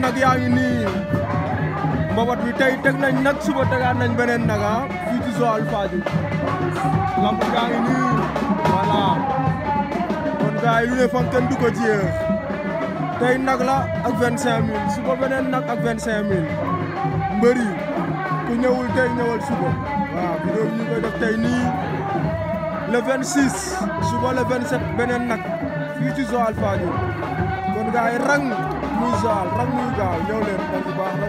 naga yaa ngi nii mbabat bi tey teg nañ nag suba tegaat nañ beneen naga fii ci Joal Fadiouth lamb yaa ngi nii voilà kon gars yi lu ne fam kenn du ko jiyee tey nag la ak vingt cinq mille suba beneen nag ak vingt cinq mille mbër yi ku ñëwul tey ñëwal suba waaw vidéo bi ñu koy def tey nii le vingt six suba le vingt sept beneen nag fii ci Joal Fadiouth gars yi rang muy jaal rang muy gaaw ñëw leen rang bu baax la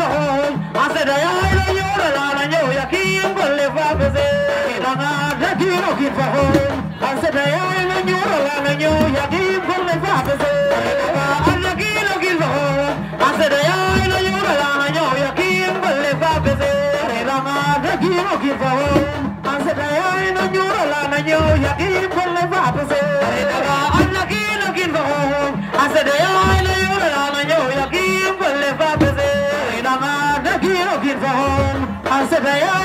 بهون أسد يا إلى يورا لا نيو يكين كل فابزي إلى نار دين وكين بهون أسد يا إلى يورا لا نيو يكين كل فابزي إلى نار دين وكين بهون أسد يا إلى يورا لا نيو يكين كل فابزي إلى نار دين وكين بهون أسد يا إلى يورا لا نيو يكين كل فابزي and said home, Hazebeyah.